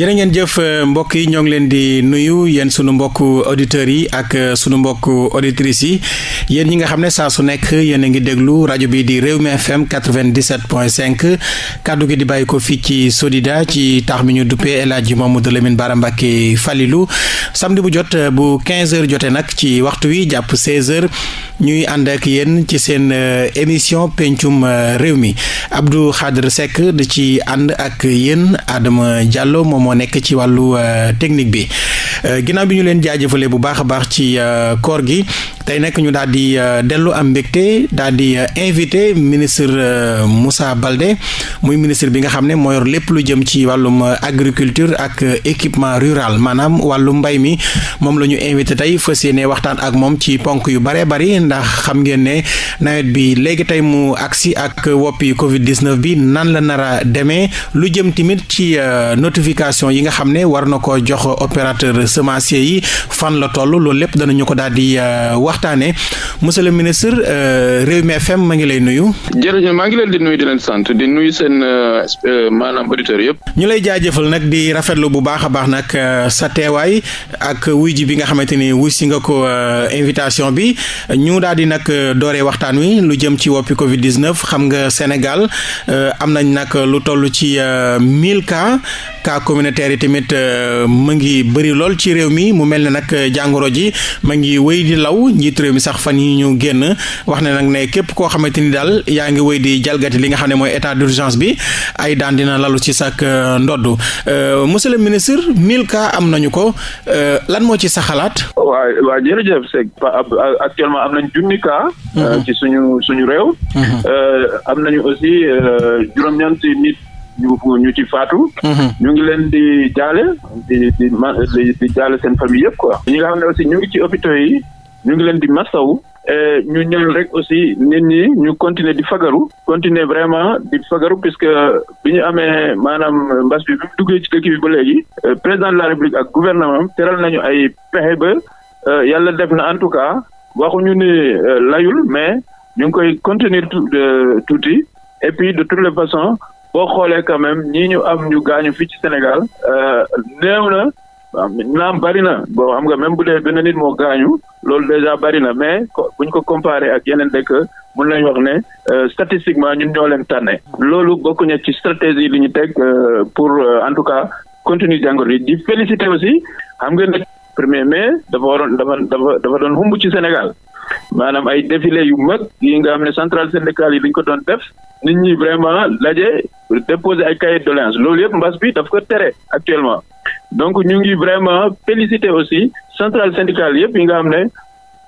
jërë ngeen jëf euh, mbokk yi ñoo ngi leen di nuyu yéen sunu mbokk auditeurs yi ak euh, sunu mbokk auditrices yi yéen ñi nga xam ne saa su nekk yéen a ngi déglu rajo bi di réew Rewmi FM 97.5 kàddu gi di bàyyi ko fii ci Sodida ci taax mi ñu duppee El Hadji Mamadou Lamine Bara Mbacké Falilou samedi bu jot euh, bu 15 heures jotee nag ci waxtu wi jàpp 16 heures ñuy ànd ak yéen ci seen émission pencum réew mi Abdou Khadre Seck di ci ànd ak yéen Adama Diallo moom moo nekk ci wàllu euh, technique bi euh, ginnaaw bi ñu leen jaajëfalee bu baax baax ci euh, koor gi tey nag ñu daal di dellu am mbégte daal di invité ministre Moussa balde muy ministre bi nga xam ne moo yor lépp lu jëm ci wàllum agriculture ak équipement rural maanaam wàllum mbay mi moom la ñu invité tey fa yéene waxtaan ak moom ci ponk yu bare bari ndax xam ngeen nawet bi léegi tey mu agsi ak woppi Covid 19 bi nan la nara demee lu jëm timit ci notification. information yi nga xam ne war na ko jox opérateur semencier yi fan la toll loolu lépp danañu ko daal di euh, waxtaanee monsieur le ministre euh, Rewmi FM maa ngi lay nuyu. jërëjëf maa ngi leen di nuyu di leen sant di seen euh, maanaam auditeurs yëpp. ñu lay jaajëfal nag di rafetlu bu baax a baax nag sa teewaay ak wuy ji bi nga xamante ni wuy si nga ko invitation bi ñu daal di nag dooree waxtaan wi lu jëm ci woppi Covid 19 xam nga Sénégal am nañ nag lu toll ci 1000 cas. ka communautaire yi tamit euh, ma ngi bëri lool ci réew mi mu mel ne nag euh, jàngoro ji ma ngi wéy di law njiit réew mi sax fan yi ñu génn wax ne nag ne képp koo xamante ni daal yaa ngi wéy di jalgati li nga xam ne mooy état d'urgence bi ay daan dina lalu ci sak euh, ndodd monsieur le ministre mille cas am nañu ko lan moo ci sa xalaat waa waa jërëjëf c'est actuellement am nañ junni cas mm-hmm. ci suñu suñu réew mm-hmm. am nañu aussi juróom-ñeenti nit ñu ñu ci faatu. Mm-hmm. ñu ngi leen di jaale ma di jaale seen famille yëpp quoi. ñi nga xam aussi ñu ngi ci hôpitaux yi ñu ngi leen di masaw eh, ñu ñaan rek aussi nit ñi ñu continuer di fagaru continuer vraiment di fagaru que bi ñu amee maanaam mbas bi bi mu duggee ci dëkk bi ba léegi eh, président de la république ak gouvernement teral nañu ay pexe ba eh, yàlla def na en tout cas waxuñu ni layul mais ñu ngi koy continuer tuuti et puis de toutes les façons boo xoolee quand même ñii ñu am ñu gaañu fii ci Sénégal euh, néew na naam bari na boo xam nga même bu dee benn nit moo gaañu loolu déjà bari na mais bu ñu ko comparé ak yeneen dëkk mun nañu wax ne euh, statistiquement ñun ñoo leen tànne loolu bokk na ci stratégie li ñu teg euh, pour en tout cas continue jàngoro yi di féliciter aussi xam nga ne premier mai dafa waroon dafa dafa dafa doon xumb ci Sénégal maanaam ay défilé yu mag yi nga xam ne centrale syndicale yi dañ ko doon def nit ñi vraiment laje déposer ay cahier de doléance loolu yëpp mbas bi daf ko tere actuellement donc ñu ngi vraiment féliciter aussi centrale syndicale yëpp yi nga xam ne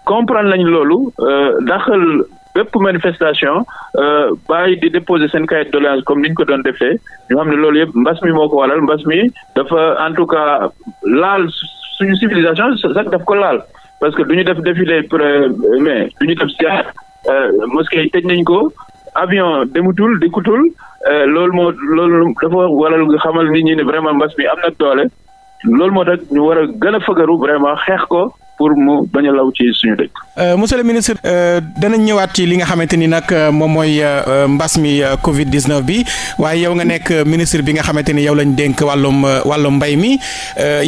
comprendre lañ loolu euh, daxal bépp manifestation euh, yi di déposer seen cahier de doléance comme ni ñu ko doon defee ñu xam ne loolu yëpp mbas mi moo ko waral mbas mi dafa en tout cas laal suñu civilisation sax daf ko laal parce que du ñu def défilé mais du ñu def siyaar euh, mosquée yi tëj nañ ko avion demutul dikkutul euh, loolu moo loolu dafa waral nga xamal nit ñi ne vraiment mbas mi am na doole loolu moo tax ñu war a gën a fëgëru vraiment xeex ko pour mu bañ a ci suñu dëkk. Euh, monsieur le ministre euh, danañ ñëwaat ci li nga xamante ni nag euh, moom mooy mbas mi Covid 19 bi waaye yow nga nekk ministre bi nga xamante ni yow lañ dénk wàllu wàllum mbay mi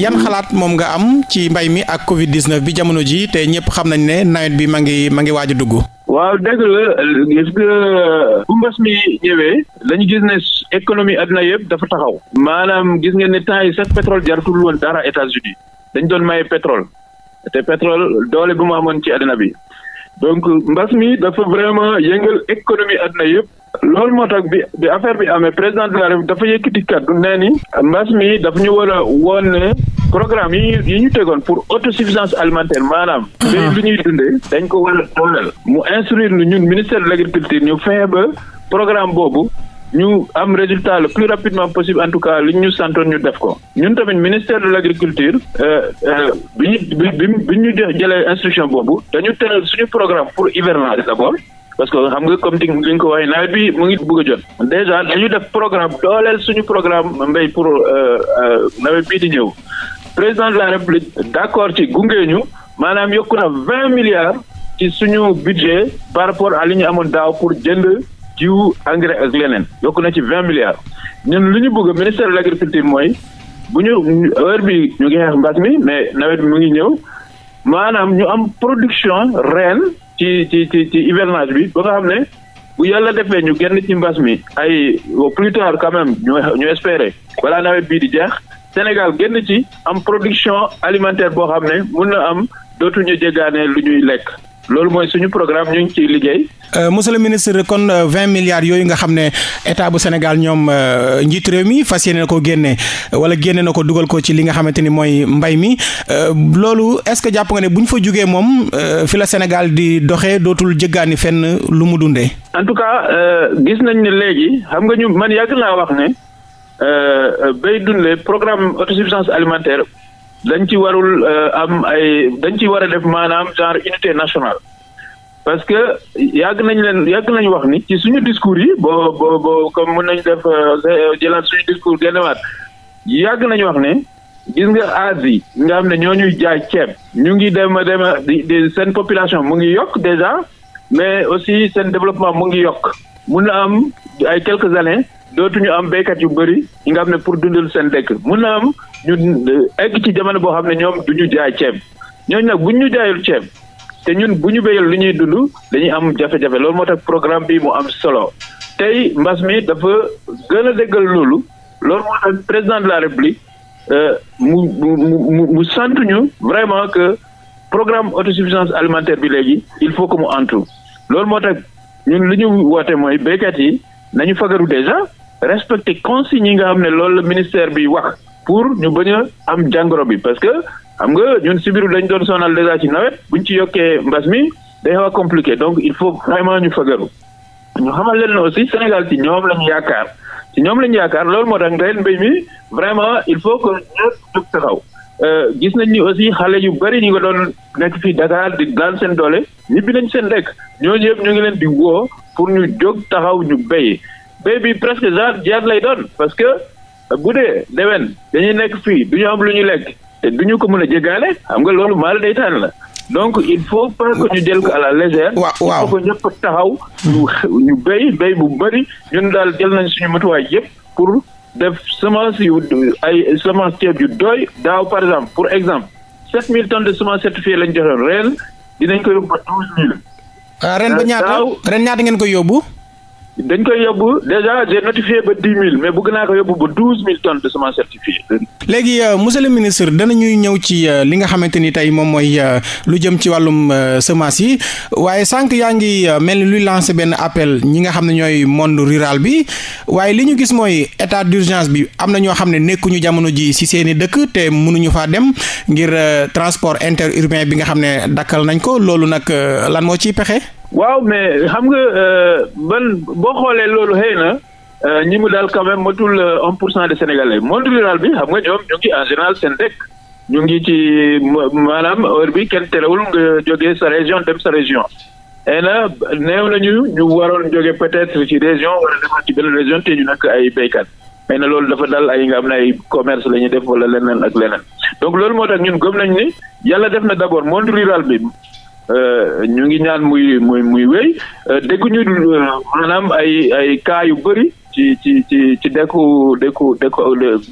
yan xalaat moom nga am ci mbay mi ak Covid 19 bi jamono ji te ñëpp xam nañ ne nawet bi ma ngi ma ngi waaj a dugg. waaw dëgg la bu mbas mi ñëwee dañu gis ne économie àddina yëpp dafa taxaw maanaam gis ngeen ne temps yi sax pétrole jaratul woon dara États-Unis dañ doon maye te pétrole doole bu mu amoon ci àddina bi donc mbas mi dafa vraiment yëngal économie àddina yëpp loolu moo tax bi bi affaire bi amee président de la République dafa yëkkati kàddu nee ni mbas mi dafa ñu war a woon ne programme yi yi ñu tegoon pour auto suffisance alimentaire maanaam mbay mhm. lu ñuy dundee dañ ko war a dooleel mu instruire lu ñun ministère de l' agriculture ñu fexe ba programme boobu ñu am résultat le plus rapidement possible en tout cas li ñu santoon ñu def ko ñun tamit ministère de l' agriculture euh, euh, bi ñu bi ñu jëlee instruction boobu dañu tëral suñu programme pour hivernage d' abord parce que xam nga comme li ñu ko waxee nawet bi mu ngi bëgg a jot déjà dañu def programme dooleel suñu programme mbéy pour euh, nawet bii di ñëw président de la république d' ci gunge ñu maanaam yokk na vingt milliards ci suñu budget par rapport à li ñu amoon daaw pour jënd. jiw engrais ak leneen yokk na ci vingt milliards ñun lu ñu bëgg ministère de l' agriculture mooy bu ñu heure bi ñu ngi xeex mbas mi mais nawet bi mu ngi ñëw maanaam ñu am production ren ci ci ci ci hivernage bi ba nga xam ne bu yàlla defee ñu génn ci mbas mi ay au plus tard quand même ñu ñu espérer nawet bii di jeex Sénégal génn ci am production alimentaire boo xam ne mun na am dootuñu jéggaane lu ñuy lekk. loolu mooy suñu programme ñu ngi ciy liggéey. Euh, monsieur le ministre kon euh, vingt milliards yooyu nga xam ne état bu Sénégal ñoom euh, njiit réew mi fas yéene ko génnee wala génne na ko dugal ko ci li nga xamante ni mooy mbay mi loolu est-ce que jàpp nga ne bu ñu fa jugee moom fi la Sénégal di doxee dootul jëggaani fenn lu mu dundee. en tout cas gis nañ ne léegi xam nga ñu man yàgg naa wax ne bay dundee programme autosuffisance alimentaire dañ ci warul euh, am ay dañ ci war a def maanaam genre unité nationale parce que yàgg nañ leen yàgg nañu wax ni ci suñu discours yi boo boo boo comme mun nañu def euh, jëlaat suñu discours génnewaat yàgg nañu wax ne gis nga Asie nga xam ne ñoo ñuy jaay ceeb ñu ngi dem a dem a di seen population mu ngi yokk déjà mais aussi seen développement mu ngi yokk mun na am ay quelques années dootuñu am béykat yu bëri yi nga xam ne pour dundal seen dëkk mun na am ñu euh, egg ci jamono boo xam ne ñoom du ñu jaay ceeb ñooñ nag bu ñu jaayul ceeb te ñun bu ñu béyal lu ñuy dund dañuy am jafe-jafe loolu moo tax programme bi mu am solo tey mbas mi dafa gën a déggal loolu loolu moo tax président de la république euh, mu mu vraiment que programme autosuffisance alimentaire bi léegi il faut que mu antu loolu moo tax ñun li ñu woote mooy béykat yi nañu fagaru déjà respecter consignes ñi nga xam ne loolu la ministère bi wax pour ñu bañ a am jàngoro bi parce que xam nga ñun si biir dañ doon sonal déjà ci nawet buñ ci yokkee mbas mi day xaw a compliqué donc il faut vraiment ñu fagaru ñu xamal leen aussi Sénégal ci ñoom lañu yaakaar ci ñoom lañu yaakaar loolu moo tax ren mbéy mi vraiment il faut que ñëpp jóg taxaw euh, gis nañ ni aussi xale yu bari ñu nga doon nekk fii Dakar di daan seen doole ñibbi nañ seen lekk ñoo yëpp ñu ngi leen di woo pour ñu jóg taxaw ñu béy bay bi presque genre jaar lay doon parce que euh, bu dee déwén dañuy nekk fii du ñu am lu ñu lekk te du ko mën a jéggaale xam nga loolu maal daytaan la donc il faut pas que ñu jël ko à la légère. waaw waaw il faut que ñëpp taxaw. ñu ñu béy bu bëri ñun daal jël nañ suñu matuwaay yëpp pour def semence yu ay semence ceeb yu doy daaw par exemple pour exemple sept mille tonnes de semence certifiée lañ joxoon ren dinañ ko yóbbu ba douze mille. Ah, ren ba ñaata ren ñaata ngeen ko yóbbu. dañ koy yóbbu déjà j'ai notifié ba dix mille mais bëgg naa ko yóbbu ba douze mille tonnes de semence certifiée. léegi euh, monsieur le ministre danañuy ñëw ci euh, li nga xamante ni tey moom mooy euh, lu jëm ci wàllum semence yi waaye sànq yaa ngi mel ni luy lancé benn appel ñi nga xam ne ñooy monde rural bi waaye li ñu gis mooy état d'urgence bi am na ñoo xam ne nekkuñu jamono ji ci seeni dëkk te mënuñu faa dem ngir transport interurbain bi nga xam ne dakkal nañ ko loolu nag lan moo ciy pexe. waaw mais xam nga euh, ban boo xoolee loolu xëy na euh, ñi mu daal quand même matul en euh, pour cent de sénégalais monde rural bi xam nga ñoom ñu ngi en général seen rek ñu ngi ci maanaam heure bi kenn terewul nga jógee sa région dem sa région. et na néew nañu ñu waroon jóge peut-être ci région wala dema ci benn région te ñu nekk ay béykat xëy na loolu dafa dal ay nga am na ay commerce la ñuy def wala leneen ak leneen donc loolu moo tax ñun gëm nañ ni yàlla def na d'abord monde rural bi Euh, ñu ngi ñaan muy muy muy wéy euh, dégguñu euh, maanaam ay ay kaa yu bëri ci ci ci ci dëkku dëkku dëkku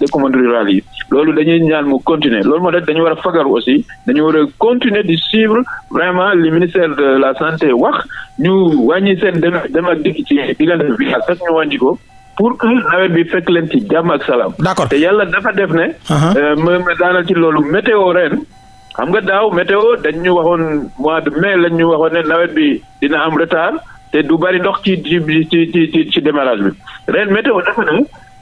dëkku monde rural yi loolu dañuy ñaan mu continuer loolu moo tax dañu war a fagaru aussi dañu war a continuer di suivre vraiment le ministère de la santé wax ñu wàññi seen dem dem ak dikk ci diggante bi ak ñu wàññi pour que nawet bi fekk leen ci jàmm ak salaam. d'accord te yàlla dafa def ne. Uh-huh. ma ma daanal ci loolu météo ren. xam nga daaw météo dañ ñu waxoon mois de mais lañ ñu waxoon ne nawet bi dina am retard te du bari ndox ci ci ci ci ci démarrage bi reen météo dafa ne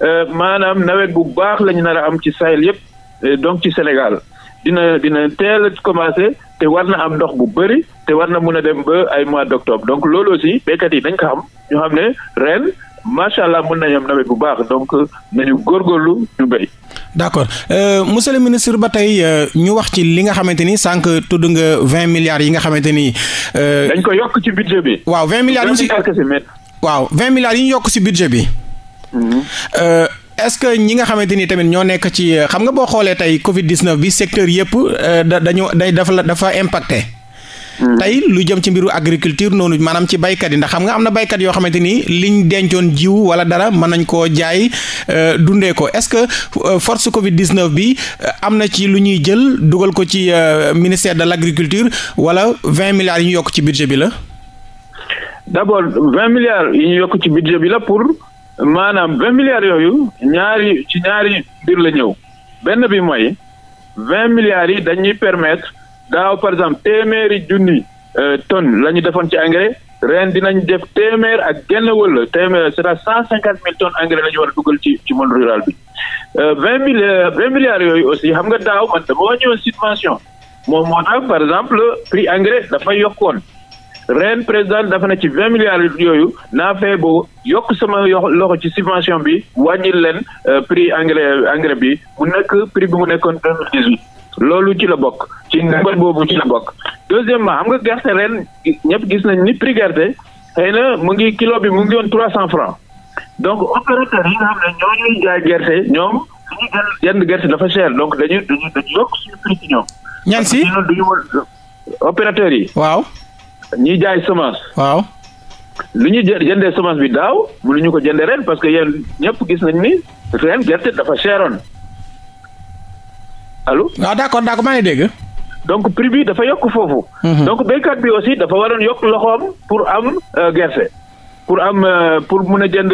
euh, maanaam nawet bu baax lañu nar a am ci Sahel yépp euh, donc ci Sénégal dina dina teel commencé te war na am ndox bu bëri te war na mun a dem ba ay mois d'octobre donc loolu aussi béykat yi dañ ko xam ñu xam ne ren. macha allah mën na am nawet bu baax donc nañu góorgóorlu ñu béy. d' accord euh, monsieur le ministre ba tey euh, ñu wax ci li nga xamante ni sànq tudd nga vingt milliards yi nga xamante ni. Euh, dañ ko yokk ci budget bi. waaw vingt milliards yi waaw vingt milliards yi ñu yokk si budget bi. Mhm. Euh, est-ce que ñi nga xamante ni tamit ñoo nekk ci xam nga boo xoolee tey Covid 19 bi secteur yëpp da dañu day dafa dafa impacté. Mm-hmm. tey lu jëm ci mbiru agriculture noonu maanaam ci baykat yi ndax xam nga am na baykat yoo xamante ni liñ dencoon jiw wala dara mën nañ koo jaay euh, dundee ko est-ce que euh, force Covid 19 bi euh, am na ci lu ñuy jël dugal ko ci ministère de l'agriculture wala vingt milliards yi ñu yokk ci budget bi la. d'abord vingt milliards yi ñu yokk ci budget bi la pour maanaam vingt milliards yooyu ñaari ci ñaari mbir la ñëw benn bi mooy vingt milliards yi dañuy permettre. daaw par exemple téeméeri junni euh, tonnes la ñu defoon ci engrais ren dinañ def téeméer ak genn wala téeméer c'est à cent cinquante mille tonnes engrais la war a dugal ci ci monde rural bi euh, vingt mille euh, vingt milliards yooyu aussi xam nga daaw man dama wàññiwoon subvention moom moo tax par exemple prix engrais dafa yokkoon ren président dafa na ci vingt milliards yooyu naa fee boo yokk sama loxo ci subvention bi wàññil leen prix engrais engrais bi mu nekk prix bi mu nekkoon loolu ci la bokk ci ndogal boobu ci la bokk deuxièmement xam nga gerte ren ñëpp gis nañ ni prix gerte xëy na mu ngi kilo bi mu ngi woon trois cent francs donc opérateur yi gerte ñoom dañuy gën gerte dafa cher donc dañuy dañuy dañuy ñan si duñu opérateur yi. waaw. ñiy jaay semence. waaw. lu ñu jëndee semence bi daaw ñu ko jëndee ren parce que yéen ñëpp gis nañ ni ren gerte dafa cheroon. alo waaw d' accord maa ngi dégg. donc prix bi dafa yokk foofu. donc béykat bi aussi dafa waroon yokk loxoom pour am gerte. pour am pour mun a jënd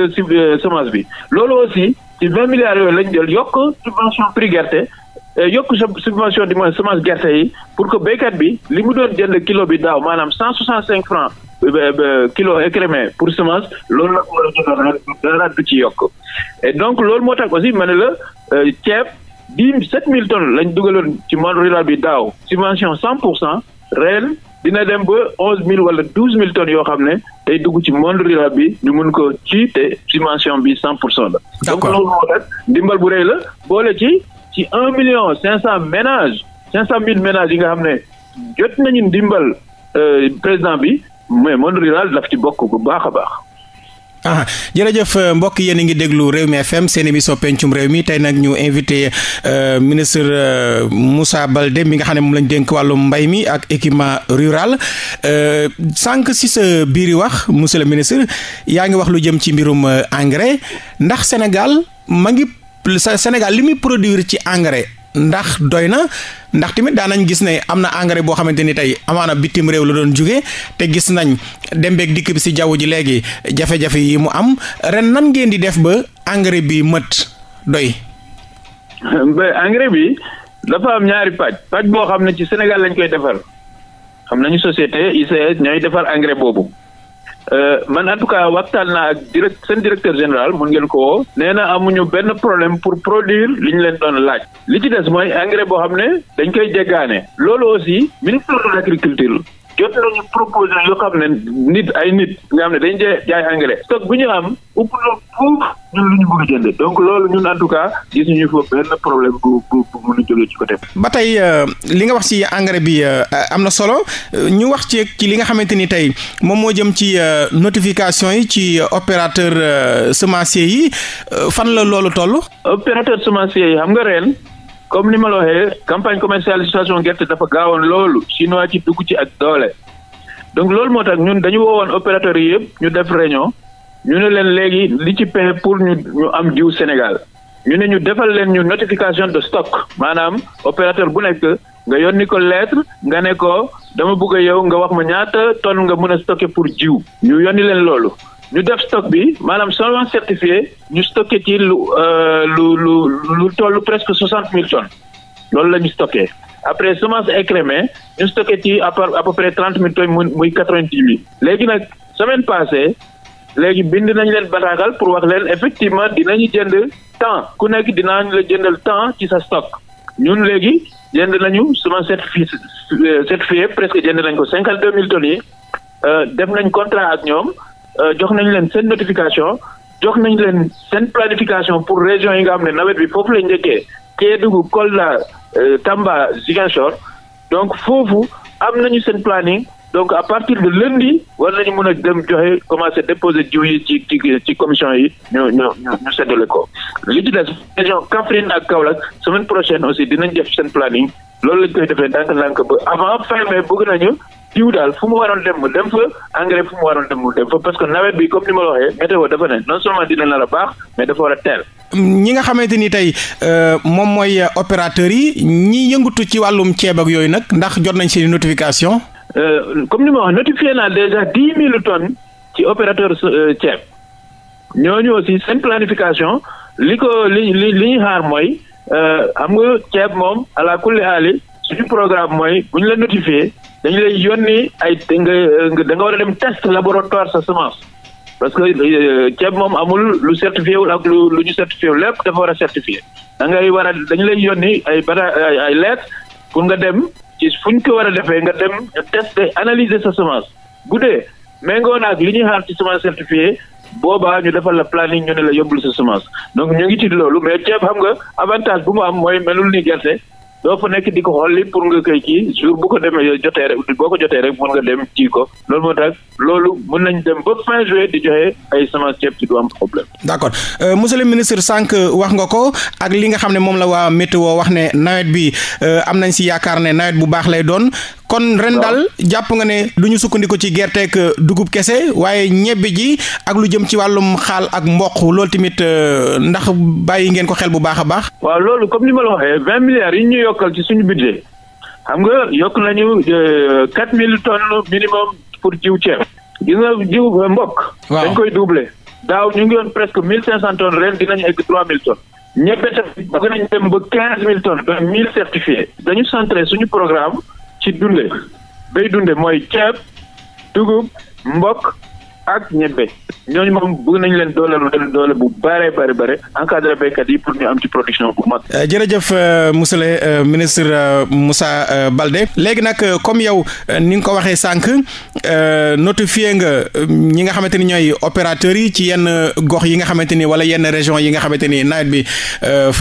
semence bi loolu aussi ci vingt milliards lañ jël yokk subvention prix gerte. yokk subvention du moins semence gerte yi pour que béykat bi li mu doon jënd kilo bi daaw maanaam cent soixante cinq francs kilo écrémé pour semence loolu la ko du ci yokk et donc loolu moo tax aussi ma ne la ceeb. dix sept mille ton lañ dugaloon ci monde rural bi daaw subvention cent pour cent réel dina dem ba onze mille wala douze mille tonnes yoo xam ne tey dugg ci monde rural bi ñu mun ko ci te subvention bi cent pour cent la. donc loolu moo tax dimbal bu rëy la boole ci ci un million cinq cent ménages cinq cent mille ménages yi nga xam ne jot nañu dimbal euh, président bi mais monde rural daf ci bokk bu baax a baax. ah jërëjëf euh, mbokk yéen a ngi déglu Rewmi FM seen émission pencum réew mi tey nag ñu invité euh, ministre euh, Moussa Baldé mi nga xam ne moom lañ dénk wàllu mbay mi ak équipement rural sànq si sa biiri wax monsieur ministre yaa ngi wax lu jëm ci mbirum engrais ndax Sénégal ma ngi Sénégal li muy produire ci engrais ndax doy na ndax tamit daanañ gis ne am na engrais boo xamante ni tey amaana bitim réew la doon jugee te gis nañ dem beeg dikk bi si jaww ji léegi jafe-jafe yi mu am ren nan ngeen di def ba engrais bi mët doy. ba engrais bi dafa am ñaari pàcc pàcc boo xam ne ci Sénégal lañ koy defar xam nañu société ICS ñooy defar engrais boobu. Euh, man en tout cas waxtaan naa ak direct seen directeur général mun ngeen ko woo nee na amuñu benn problème pour produire li ñu leen doon laaj li ci des mooy engrais boo xam ne dañ koy jéggaane loolu aussi ministre de l'agriculture jot nañu proposé yoo xam ne nit ay nit nga xam ne dañ jee jaay engrais stock bu ñu am ëpp na fuuf ñun lu ñu bëgg jënde donc loolu ñun en gis ñu foofu benn problème bu bu bu mën a jógee ci côté ba tey euh, li nga wax ci engrais bi euh, am na solo ñu wax ci ci li nga xamante ni tey moom moo jëm ci euh, notification yi ci opérateur semencier yi fan la loolu toll opérateur semencier yi xam nga reen comme ni ma la waxee campagne commercialisation gerte dafa gaawoon loolu chinois ci dugg ci ak doole donc loolu moo tax ñun dañu woowoon opérateurs yi yëpp ñu def réunion ñu ne leen léegi li ci pexe pour ñu ñu am jiw Sénégal ñu ne ñu defal leen ñu notification de stock maanaam opérateur bu nekk nga yónni ko lettre nga ne ko dama bëgg yow nga wax ma ñaata tonne nga mën a stocké pour jiw ñu yónni leen loolu ñu def stock bi maanaam seulement certifié ñu stocké ci lu euh, lu lu lu toll presque soixante mille tonnes loolu la ñu stocké après semence écrémée ñu stocké ci à peu près trente mille tonnes muy muy quatre vingt dix mille léegi nag semaine passée léegi bind nañ leen bataagal pour wax leen effectivement dinañu jënd temps ku nekk ñu la jëndal temps ci sa stock ñun léegi jënd nañu semence certifiée euh, certifiée presque jënd nañ ko cinquante deux mille tonnes yi euh, def nañ contrat ak ñoom. Euh, jox nañ leen seen notification jox nañ leen seen planification pour région yi nga xam ne nawet bi foofu la njëkkee Kédougou Kolda euh, Tamba Ziguinchor donc foofu am nañu seen planning donc à partir de lundi war nañu mën a dem joxe commencé déposer jiw yi ci ci ci commission yi ñu ñu ñu seddale ko li ci des région Kaffrine ak Kaolack semaine prochaine aussi dinañ def seen planning loolu lañ koy defee ndànk-ndànk ba avant fin mai nañu diw daal fu mu waroon dem mu dem fa engrais fu mu waroon dem mu dem fa parce que nawet bi comme ni ma la waxee météo dafa ne non seulement dina nar a baax mais dafa war a teel. ñi nga xamante ni tey euh, moom mooy euh, opérateurs yi ñi yëngatu ci wàllum ceeb ak yooyu nag ndax jot nañ seen notification. Euh, comme ni ma wax notifié naa déjà dix mille tonnes ci opérateur ceeb ñooñu aussi seen planification li ko li li li ñu xaar mooy xam nga ceeb moom ala kulli aali suñu programme mooy bu ñu la notifié dañu lay yónni ay nga da nga war a dem test laboratoire sa semence parce que euh, ceeb moom amul lu certifié wul ak lu lu ñu certifié wul lépp dafa war a certifié da ngay war a dañu lay yónni ay bana ay lettre pour nga dem ci fu ñu ko war a defee nga dem tester analyser sa semence bu dee méngoo na ak li ñuy xaar ci semence certifiée boobaa ñu defal la planning ñu ne la yóbbul sa semence donc ñu ngi ci loolu mais ceeb xam nga avantage bu mu am mooy melul ni gerte. doo fa nekk di ko xolli pour nga koy kii jour bu ko demee jotee rek boo ko jotee rek mën nga dem ji ko loolu moo tax loolu mën nañ dem ba fin juillet di joxe ay semence ceeb ci du am problème. d' accord euh, monsieur le ministre sànq wax nga ko ak li nga xam ne moom la waa météo wax ne nawet bi euh, am nañ si yaakaar ne nawet bu baax lay doon. kon ren daal jàpp nga ne du ñu sukkandiku ci gerteek euh, dugub kese waaye ñebbe ji ak lu jëm ci wàllum xaal ak mboq loolu tamit euh, ndax bàyyi ngeen ko xel bu baax a baax. waaw loolu comme ni ma la waxee vingt milliards yi ñu yokkal ci suñu budget xam nga yokk nañu euh, quatre mille tonnes minimum pour jiw ceeb. gis jiw mbokk. waaw dañ koy doubler. daaw ñu ngi yoon presque mille cinq cent tonnes ren dinañ egg trois mille tonnes. ñebe tamit bëgg nañ dem ba quinze mille tonnes mille certifiés. dañu centré suñu programme. ci dunde bay dunde mooy ceeb dugub mbokk ak ñebbe ñooñu moom bëgg nañu leen doole leen doole bu bare bare bare encadré béykat yi pour ñu am ci production bu mag. Euh, jërëjëf euh, monsieur le euh, ministre Moussa Baldé léegi nag comme yow ni nga ko waxee sànq notifié nga ñi nga xamante ni ñooy opérateurs yi ci yenn gox yi nga xamante ni wala yenn région yi nga xamante ni nawet bi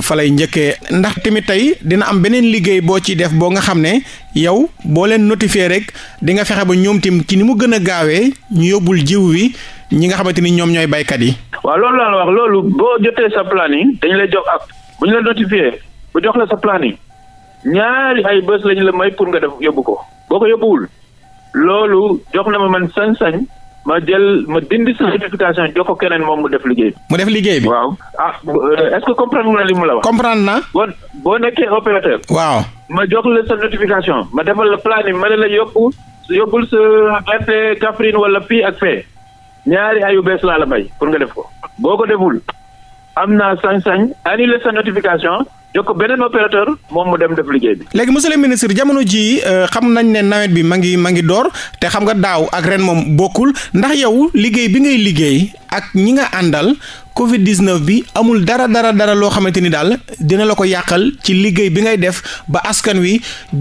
fa lay njëkkee ndax tamit tey dina am beneen liggéey boo ci def boo nga xam ne yow boo leen notifié rek di nga fexe ba ñoom tiim ci ni mu gën a gaawee ñu yóbbul jiw wi ñi nga xamante ni ñoom ñooy baykat yi. waaw loolu laa la wax loolu boo jotee sa planning dañu lay jox ak bu ñu la notifié bu jox la sa planning ñaari ay bés lañu la may pour nga def yóbbu ko boo ko yóbbuwul loolu jox na ma man sañ-sañ. ma jël ma dindi sa notification jox ko keneen moom mu def liggéey bi. mu def liggéey bi waaw. ah euh, est-ce que comprendre li mu la wax. comprendre naa. boo boo nekkee opérateur. waaw ma jox la sa notification ma defal la planning ma ne la yóbbu yóbbul sa gerte Kaffrine wala fii ak fee ñaari ayu bees laa la bay pour nga def ko boo ko deful am naa sañ-sañ annuler sa notification. jox ko beneen opérateur moom mu dem def liggéey bi. léegi monsieur le ministre jamono jii euh, xam nañ ne nawet bi ma ngi ma ngi door te xam nga daaw ak ren moom bokkul ndax yow liggéey bi ngay liggéey ak ñi nga àndal Covid 19 bi amul dara dara dara loo xamante ni daal dina la ko yàqal ci liggéey bi ngay def ba askan wi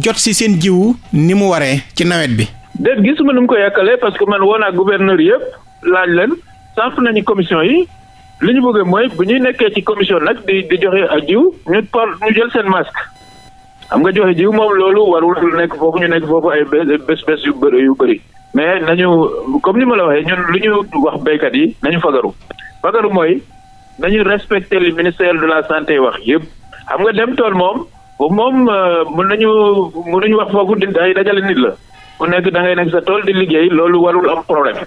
jot si seen jiwu ni mu waree ci nawet bi. déet gisuma nu mu ko yàqalee parce que man woo naa gouverneur yëpp laaj leen sant nañu commission yi. li ñu bëggee mooy bu ñuy nekkee ci commission nag di di joxe ak jiw ñu par ñu jël seen masque xam nga joxe jiw moom loolu warul nekk foofu ñu nekk foofu ay bés bés yu bëri yu bëri mais nañu comme ni ma la waxee ñun lu ñu wax béykat yi nañu fagaru fagaru mooy nañu respecter le ministère de la santé wax yëpp xam nga dem tool moom moom euh, mën nañu mën nañu wax foofu di ay dajale nit la ku nekk dangay ngay nekk sa tool di liggéey loolu warul am problème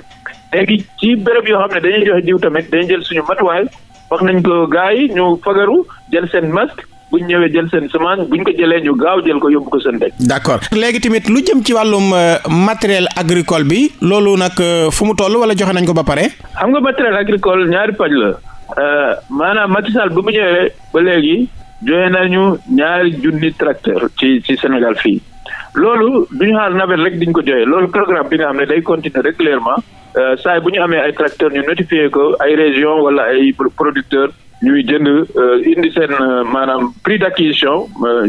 léegi ci béréb yoo xam ne dañuy joxe diw tamit dañuy jël suñu matuwaay wax nañ ko gars yi ñu fagaru jël seen masque buñ ñëwee jël seen semence buñ ko jëlee ñu gaaw jël ko yóbbu ko seen dëkk. d'accord léegi tamit lu jëm ci wàllum euh, matériel agricole bi loolu nag euh, fu mu toll wala joxe nañ ko ba pare. xam nga matériel agricole ñaari paj la euh, maanaam Macky bi bu mu ñëwee ba léegi joxe nañu ñaari junni tracteur ci ci Sénégal fii. loolu du ñu xaar nawet rek di ñu ko joxe loolu programme bi nga xam ne day continuer régulièrement euh, saa bu ñu amee ay tracteurs ñu notifié ko ay région wala ay producteurs ñuy jënd euh, indi seen euh, maanaam prix d'acquisition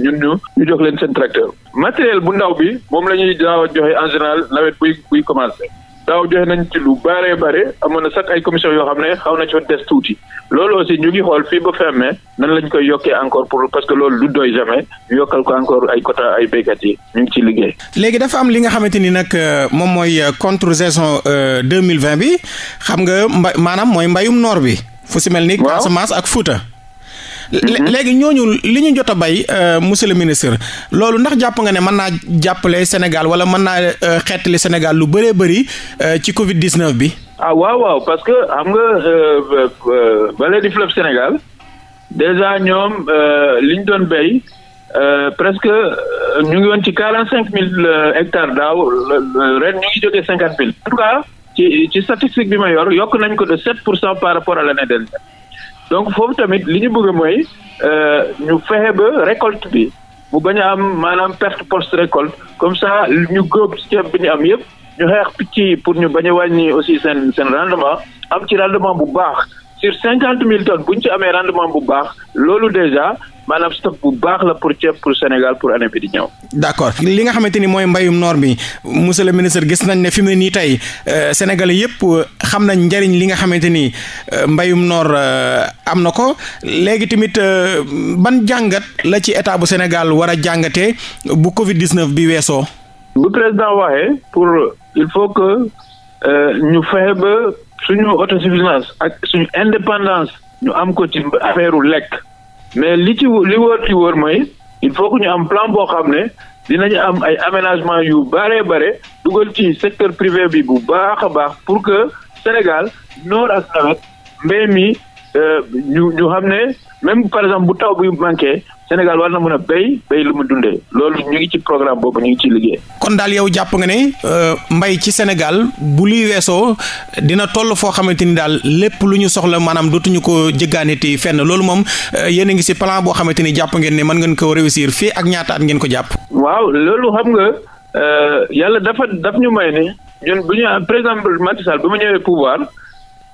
ñun ñu ñu jox leen seen tracteur matériel bu ndaw bi moom la ñuy daaw a joxe en général nawet buy buy commencé daaw joxe nañ ci lu bare bare amoon na sax ay commission yoo xam ne xaw na ci des tuuti loolu aussi ñu ngi xool fii ba fin mai nan lañ koy yokkee encore pour parce que loolu du doy jamais ñu yokkal ko encore ay quota ay béykat yi ñu ngi ci liggéey. léegi dafa am li nga xamante ni nag euh, moom mooy euh, contre saison euh, deux mille vingt bi xam nga mba maanaam mooy mbayum noor bi. fu si mel ni Casamance ak Fouta. Mhm. léegi ñooñu li ñu jot a bay euh, monsieur le ministre loolu ndax jàpp nga ne mën naa jàppale Sénégal wala mën naa euh, xeetali Sénégal lu bëree bëri euh, ci Covid 19 bi. ah waaw waaw parce que xam nga vallée du fleuve Sénégal déjà ñoom li ñu doon béy presque ñu ngi woon ci quarante cinq mille hectares daaw ren ñu ngi jógee cinquante mille. en tout ci ci statistique bi ma yor yokk nañ ko de sept pour cent par rapport à del dernière donc foofu tamit li ñu bëgg mooy euh, ñu fexe ba récolte bi mu bañ a am maanaam perte post récolte comme ça ñu góob ceeb bi ñu am yëpp ñu xeex picc yi pour ñu bañ a wàññi aussi seen seen rendement am ci rendement bu baax. sur cinquante mille tonnes bu ñu ci amee rendement bu baax loolu déjà maanaam stock bu baax la pour ceeb pour Sénégal pour année bi di ñëw. d'accord li nga xamante ni mooy mbayum noor mi monsieur le ministre gis nañ ne fi mu ne nii tey euh, yëpp euh, xam nañ njariñ li nga xamante ni euh, mbayum noor am na ko léegi tamit ban jàngat la ci état bu Sénégal war a jàngatee bu Covid 19 bi weesoo. bu président waxee pour il faut que ñu fexe ba. suñu autosuffisance ak suñu indépendance ñu am ko ci affaireu lekk mais li ci li wóor ci wóor mooy il faut que ñu am plan boo xam ne dinañu am ay aménagement yu bare bare dugal ci secteur privé bi bu baax a baax pour que Sénégal noor ak nawet mbéy mi Euh, ñu xam ne même par exemple bu taw bi manqué Sénégal war na mën a béy béy lu mu dundee loolu ñu ngi ci programme boobu ñu ngi ci liggéey. kon daal yow jàpp nga ne euh, mbay ci Sénégal bu luy weesoo dina toll foo xamante ni daal lépp lu ñu soxla maanaam dootuñu ko jëggaaniti fenn loolu moom euh, yéen a ngi si plan boo xamante ni jàpp ngeen ni mën ngeen ko réussir fii ak ñaata at ngeen ko jàpp. waaw loolu xam nga yàlla dafa daf ñu may ne ñun bu ñu par exemple Macky Sall bu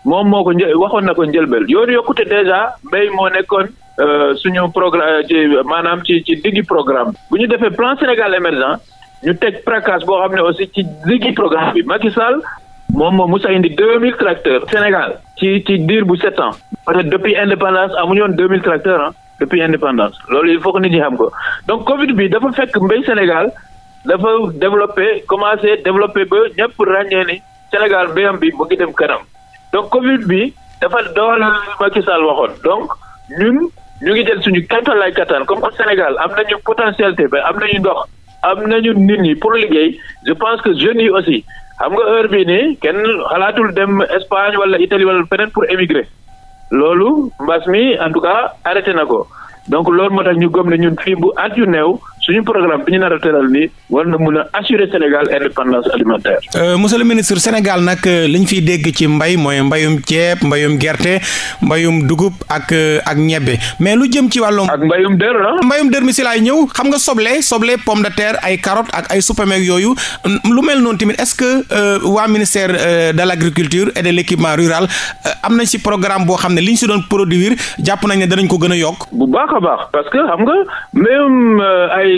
moom moo ko një waxoon na ko njëlbeel yoonu yokkute déjà mbéy moo nekkoon euh, suñu programme euh, ci maanaam ci ci diggi programme bu ñu defee plan Sénégal émergent ñu teg PRACAS boo xam ne aussi ci diggi programme bi Macky Sall moom moo musa indi deux mille tracteurs Sénégal ci ci diir bu sept ans parce que depuis indépendance amuñu woon deux mille tracteurs ah depuis indépendance loolu il faut que nit ñi xam ko donc Covid bi dafa fekk mbéy Sénégal dafa développé commencé développé ba ñëpp ràññee ni Sénégal mbéyam bi mu ngi dem kanam donc Covid bi dafa doon li Macky Sall waxoon donc ñun ñu ngi jël suñu kàttalaay kattan comme que Sénégal am nañu potentialité ba am na ñu ndox am na ñu nit ñi pour liggéey je pense que jeunes yi aussi xam nga heure bii nii kenn xalaatul dem Espagne wala Italie wala feneen pour émigrer loolu mbas mi en tout cas arrêté na ko donc loolu moo tax ñu gëm ne ñun fii bu at yu néew. suñu programme bi ñu nar a tëral nii war na mun a assurer Sénégal indépendance alimentaire. Euh, monsieur ministre Sénégal nag euh, liñ fiy dégg ci mbay mooy mbayum ceeb mbayum gerte mbayum dugub ak euh, ak ñebbe mais lu jëm ci wàllum. ak mbayum dër ah. mbayum dër mi si laay ñëw xam nga soble soble pomme de terre ay carotte ak ay supame yooyu lu mel noonu tamit est-ce que waa ministère de l'agriculture et de l'équipement rural am na si programme boo xam ne liñ si doon produire jàpp nañ ne danañ ko gën a yokk. bu baax a baax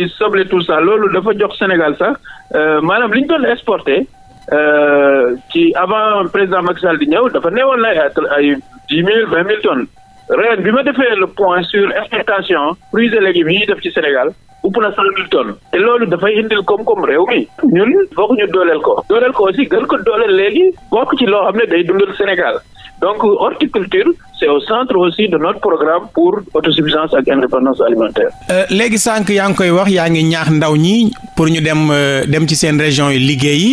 ay soble tout ça loolu dafa jox Sénégal sax euh, maanaam li ñu doon exporté euh, ci avant président Macky Sall di ñëw dafa neewoon na ay dix mille vingt mille tonnes bi ma defee le point sur exportation fruits et légumes yi ñuy def ci Sénégal upp na cent mille te loolu dafay indil koom-koom réew mi ñun fokk ñu dooleel ko dooleel ko aussi gën ko dooleel léegi bokk ci loo xam ne day dundal Sénégal donc horticulture c'est au centre aussi de notre programme pour autosuffisance ak indépendance alimentaire. Euh, léegi sànq yaa ngi koy wax yaa ngi ñaax ndaw ñi pour ñu dem euh, dem ci seen région yi liggéeyi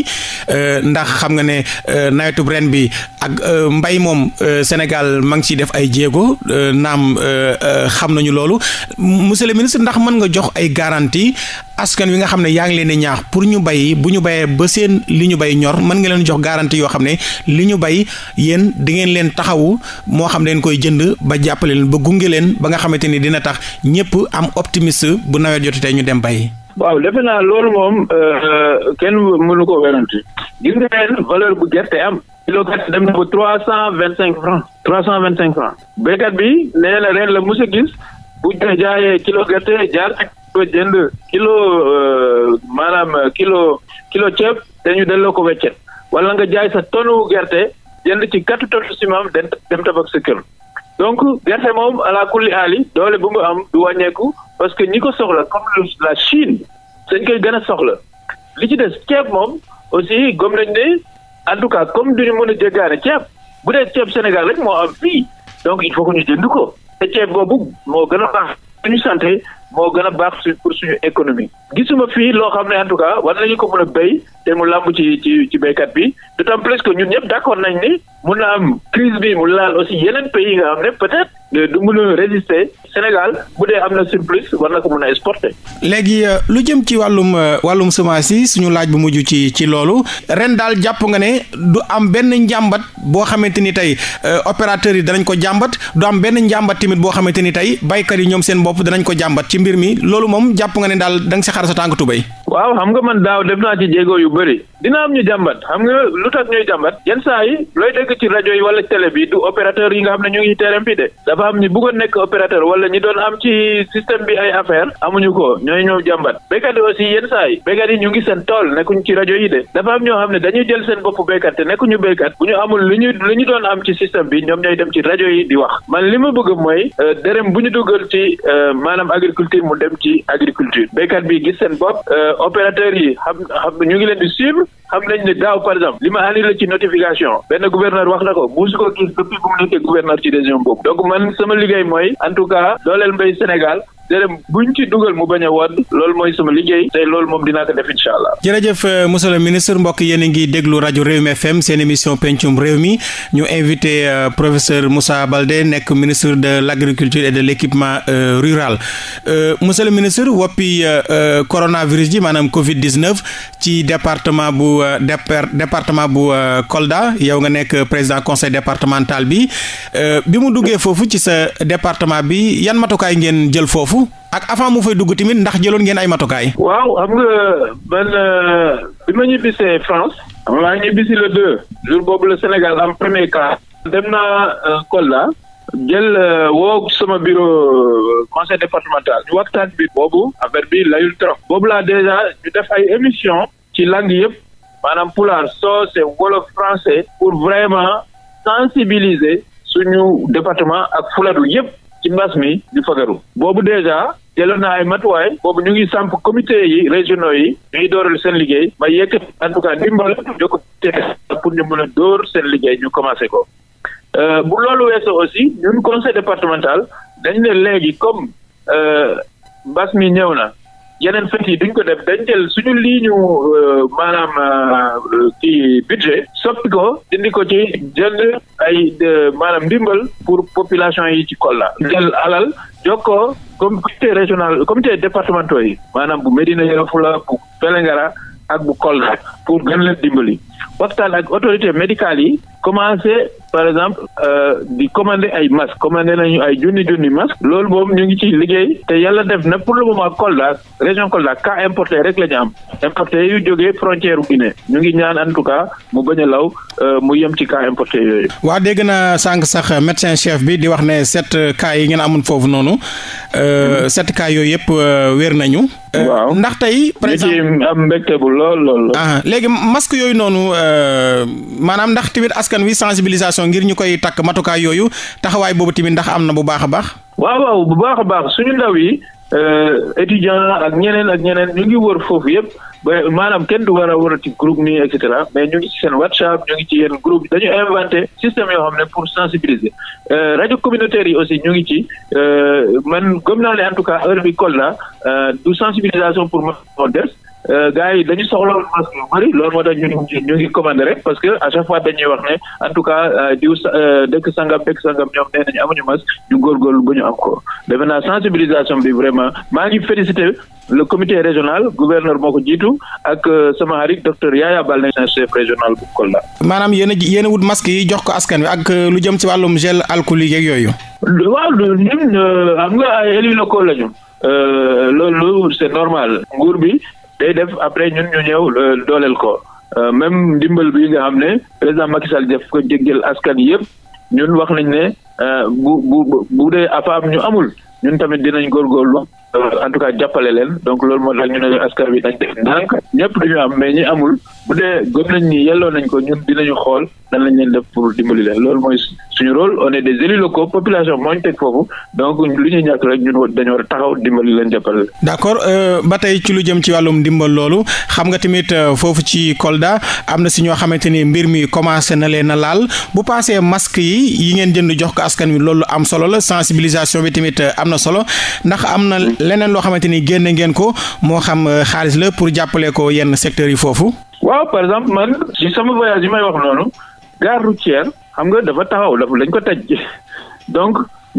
euh, ndax xam nga ne nawetub ren bi ak mbay moom Sénégal ma ngi ciy def ay jéego naam xam nañu loolu monsieur le ministre ndax mën nga jox ay garantie askan wi nga xam ne yaa ngi leen di ñaax pour ñu bay bu ñu bayee ba seen li ñu bay ñor mën nga leen jox garantie yoo xam ne li ñu bay yéen di ngeen leen taxawu moo xam leen koy jënd ba jàppale leen ba gunge leen ba nga xamante ni dina tax ñëpp am optimiste bu nawet jotee tey ñu dem bay. waaw defe naa loolu moom euh, euh, kenn mënu ko wéranti. gis nga valeur bu gerte am. kilo gerte dem na ba trois cent vingt cinq francs. trois cent cinq francs. béykat bi nee na ren la mos a gis. bu jaayee kilo gerte jaar ak kilo jënd kilo euh, maanaam euh, kilo kilo ceeb dañu delloo ko weccet wala nga jaay sa tonu gerte jënd ci quatre tonnes ciment dem dem tabax sa kër donc gerte moom ala kulli ali doole bu mu am du wàññeeku parce que ñi ko soxla comme la Chine dañ koy gën a soxla li ci des ceeb moom aussi gom nañ ne en tout cas comme duñu mën a jéggaane ceeb bu dee ceeb Sénégal rek moo am fii donc il faut que ñu jënd ko te ceeb boobu moo gën a baax ñu santé moo gën a baax suñ pour suñu économie. gisuma fii loo xam ne en tout war nañu ko mën a béy te mu làmb ci ci ci béykat bi d'autant plus que ñun ñëpp d'accord nañ ni mun na am crise bi mu laal aussi yeneen pays nga xam ne peut du mën a Sénégal bu dee am na surplus war na ko mën a exporter. léegi euh, lu jëm ci wàllum euh, wàllum semence yi suñu laaj bu mujj ci ci loolu ren daal jàpp nga ne du am benn njàmbat boo xamante ni tey euh, opérateurs yi danañ ko jàmbat du am benn njàmbat tamit boo xamante ni tey baykat yi ñoom seen bopp danañ ko mbir mi loolu moom jàpp nga ne daal danga nga si xar sa tànk tubéy waaw xam nga man daaw def naa ci jéego yu bëri dina am ñu jàmbat xam nga lu tax ñuy jàmbat yenn saa yi looy dégg ci rajo yi wala télé bi du opérateur yi nga xam ne ñu ngi ci terrain bi de dafa am ñi bëggoon nekk opérateur wala ñi doon am ci système bi ay affaire amuñu ko ñooy ñëw jàmbat béykat yi aussi yenn saa yi béykat yi ñu ngi seen nekkuñu ci rajo yi de dafa am ñoo xam ne dañuy jël seen bopp béykat te nekkuñu béykat bu ñu amul lu ñu lu ñu doon am ci système bi ñoom ñooy dem ci rajo yi di wax man li ma bëgg mooy euh, dërëm bu ñu dugal ci euh, maanaam agriculture mu dem ci agriculture béykat bi gis seen bopp euh, opérateurs yi xam xam ñu ngi leen di suivre xam nañ ne daaw par exemple li ma andi la ci notification benn gouverneur wax na ko musu ko gis depuis bu mu nekkee gouverneur ci région boobu man sama liggéey mooy en tout cas dooleel mbay Sénégal dërëm buñ ci dugal mu bañ a woon loolu mooy sama liggéey te loolu moom dinaa ko def incha allah. jërëjëf euh, monsieur le ministre mbokk yéen ngi déglu rajo mi FM seen émission pencum réew mi ñu invité euh, professeur Moussa Baldé nekk ministre de l' agriculture et de l' équipement euh, rural monsieur le ministre woppi coronavirus ji maanaam Covid 19 ci département bu département bu Kolda yow nga nekk président conseil départemental bi bi mu duggee foofu ci sa département bi yan matukaay ngeen jël foofu. foofu ak avant mu fay dugg tamit ndax jëloon ngeen ay matukaay. waaw xam nga man euh, bi ma ñibbisee France. xam nga ñibbisi le deux. jour boobu la Sénégal am premier cas. dem naa euh, Kolda. jël euh, woo sama bureau conseil départemental ñu waxtaan bi boobu affaire bi layul trop boobu laa déjà ñu def ay émission ci langue yëpp maanaam pulaar soose wolof français pour vraiment sensibiliser suñu département ak fuladu yëpp ci mbas mi ñu fagaru boobu déjà jëloon naa ay matuwaay boobu ñu ngi samp comité yi régionaux yi ñuy dooral seen liggéey may yëkk en tout cas ndimbal jokko pour ñu mën a dóor seen liggéey ñu commencé ko euh, bu loolu weesoo aussi ñun conseil départemental dañ ne léegi comme euh, mbas mi ñëw na yeneen fët yi duñ ko def dañ jël suñu ligne euh, maanaam ci euh, budget soppi ko indi ko ci jël ay maanaam ndimbal pour population yi ci Kolda jël alal jokkoo comité régional comité départementaux yi maanaam bu Médina Yoro Foulah bu Vélingara ak bu Kolda pour gën leen dimbali waxtaan ak autorité médicale yi commencé par exemple euh, di commander ay masques commandé nañu ay junni junni masques loolu boobu ñu ngi ci liggéey te yàlla def na pour le ak Kolda région Kolda ka importé rek la ñu am importé yu jóge frontière Guinée ñu ngi ñaan en tout cas mu bañ a law euh, mu yem ci cas importé yooyu. waa dégg na sànq sax médecin chef bi di wax ne sept ka yi ngeen amun foofu noonu euh, sept cas yooyu yëpp wér nañu. waaw euh, ndax tey par exemple am mbégte bu lool lool. Ah, léegi masque yooyu noonu euh, maanaam ndax tamit askan wi sensibilisation ngir ñu koy takk matukaay yooyu taxawaay boobu tamit ndax am na bu baax a baax. waaw waaw bu baax a baax suñu ndaw yi. Euh, étudiants ak ñeneen ak ñeneen ñu ngi wër foofu yëpp ba maanaam kenn du war a war ci groupe nii et mais ñu ngi ci seen WhatsApp ñu ngi ci yenn groupe dañu inventé système yoo xam ne pour sensibiliser euh, rajo communautaire yi aussi ñu ngi ci euh, man gëm naa ne en tout cas heure bi Kolda du sensibilisation pour ma des Euh, gars yi dañu soxla woon masque yu bëri loolu moo tax ñu ngi commandé rek parce que à chaque fois dañuy wax ne en tout cas euh, diw euh, dëkk sangam dëkk sangam ñoom nee nañu amuñu masque ñu góorgóorlu ba ñu am ko defe naa sensibilisation bi vraiment maa ngi félicité le comité régional gouverneur moo ko jiitu ak sama xarit docteur Yaya Bal nekk chef régional bu Kolda. maanaam yéen a yéen a wut masque yi jox ko askan wi ak lu jëm si wàllum gel alcoolique ak yooyu. waaw ñun xam nga ay élus locaux bi. day def après ñun ñu ñëw euh, dooleel ko euh, même ndimbal bi nga xam ne président Macky Sall def ko jéggal askan yëpp ñun wax nañ ne euh, bu bu bu dee afaam ñu amul ñun tamit dinañ góorgóorlu en tout cas jàppale leen donc loolu moo tax ñu ne askan bi dañ def ndànk ñëpp am mais ñi amul bu nañ ni yelloo nañ ko ñun dinañu xool nan lañ leen def pour dimbali leen loolu mooy suñu rôle on est des élus locaux population moo donc lu ñu ñàkk rek ñun dimbali leen jàppale. d' accord euh, ba tey ci lu jëm ci wàllum dimbal loolu xam nga tamit euh, foofu ci Kolda am na si ñoo xamante ni mbir mi commencé na leen a laal bu paasee masque yi yi ngeen jënd jox ko askan wi loolu am solo la sensibilisation bi tamit euh, am na solo ndax am na leneen loo xamante ni génn ngeen ko moo xam xaalis la pour jàppale ko yenn secteurs yi foofu. waaw par exemple man si sama voyage yi may wax noonu gare routière xam nga dafa taxaw dafa lañ ko taj donc